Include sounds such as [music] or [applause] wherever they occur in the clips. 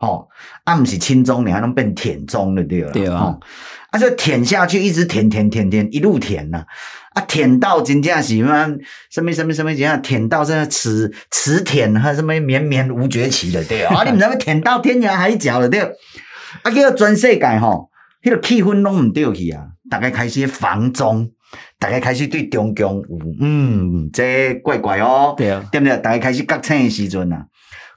哦，啊唔是親中，你還能變舔中，對了對啦，對啊，哦，啊就舔下去，一直舔舔舔舔，一路舔呐，啊，啊舔到真正是嘛，什麼什麼什麼怎樣，舔到真的齒齒舔和什麼綿綿無絕期對了對啊， [laughs] 啊你唔知咩舔到天涯海角對了對，啊結果全世界吼，哦，迄，那個氣氛攏唔對去啊，大家開始防中，大家開始對中共嗯，這怪，個，怪哦，對啊，對不對？大家開始覺醒的時陣啊。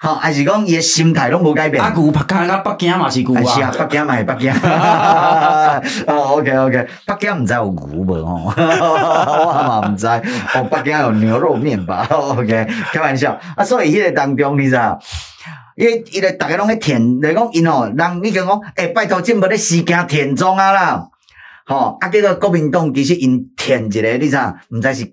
好，還是講伊嘅心態攏無改變。啊，牛，北京啊，北京嘛是牛啊。是啊，北京嘛是北京。哦、 [laughs] [laughs] oh,，OK，OK，、okay, okay. 北京唔知有牛無吼。 [laughs] 我嘛唔知，哦、 [laughs] oh,，北京有牛肉麵吧？OK，開玩笑。 [laughs] 啊，所以迄個當中，你知啊？因為因為大家攏喺舔，嚟講因哦，人已經講，哎、欸，拜託政府咧使勁舔中啊啦。吼， [laughs] 啊，結果國民黨其實因舔一個，你知啊？唔知是。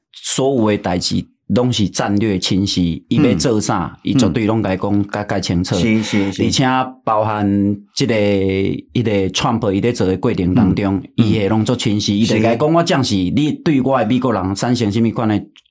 所有嘅代志攏是戰略清晰，伊、嗯、要做啥，伊絕對攏甲伊講，甲甲清楚。而、嗯、且包含即、這個伊個川普伊在做嘅過程當中，伊會攏做清晰，伊、嗯、就甲伊講我將是你對我嘅美國人產生甚物款嘅。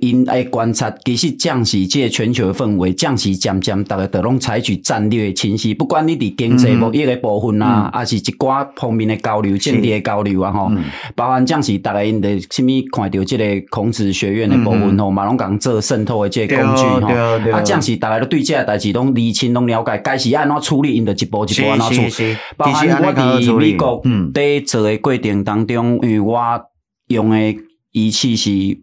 因愛觀察，其實將是即個全球嘅氛圍，將是漸漸逐個都攏採取戰略清晰，不管你佇經濟貿易嘅部分啊，抑、嗯、是一寡方面嘅交流、政治嘅交流啊，吼、嗯。包含將是大家因得甚物看到即個孔子學院嘅部分吼，嘛攏講做滲透嘅即個工具吼、哦哦哦啊哦啊哦啊哦。啊，將是大家都對即個代志攏理清、攏了解，該是按哪處理，因得一步一步按哪處理。其實包含我佇美國在做嘅過程當中，因為、嗯、我用嘅儀器是。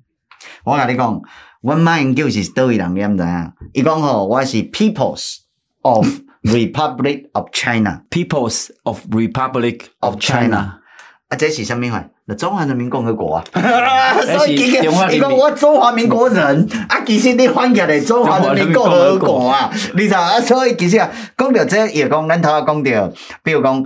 我同你講，我媽研就是多位人點樣？佢講嗬，我是 Peoples of Republic of China，Peoples [laughs] of, China of Republic of China。啊，這是什麼話？中華人民共和國啊！ [laughs] 啊所以點解佢講我中華民國人，人民國？啊，其實你翻返嚟中華人民共和國啊，你睇 [laughs] 啊所以其實講到這又、個、講，他說我到，比如說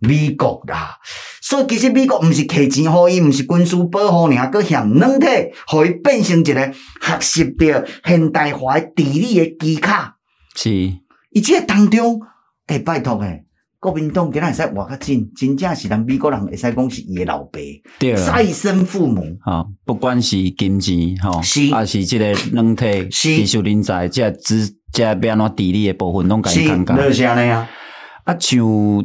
美國啦，所以其實美國毋是摕錢，互伊毋是軍事保護，另外佮向軟體，互伊變成一個學習的現代化的治理嘅機構。是伊，即個當中，會、欸、拜託誒、欸，國民黨今仔會使活較真，真正是人美國人會使講是伊嘅老爸，再生父母。吼、哦，不管是金錢，吼、哦 [laughs] 啊，啊，是即個軟體，技術人才，即個資，即個變哪治理嘅部分，攏改一更改。是，是安尼啊，啊像。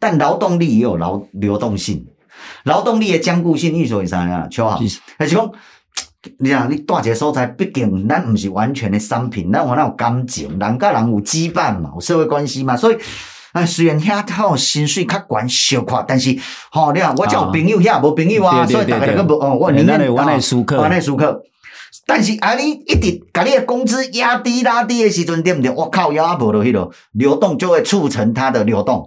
但勞動力也有勞流動性，勞動力的僵固性，意思講是啥樣，對、就、吧、是？還是講，你講你帶一個所在，畢竟咱唔是完全的商品，咱還有感情，人甲人有羈絆嘛，有社會關係嘛，所以，哎、呃，雖然遐套薪水較懸小塊，但是，吼、哦，你講我交朋友遐，無、哦、朋友啊，對對對，所以大家就去、哦，哦，我你那我那熟客，我那熟客，但是啊，你一直，個你嘅工資壓低拉低的時陣對唔對？我靠，壓不落去咯，流動就會促成它的流動。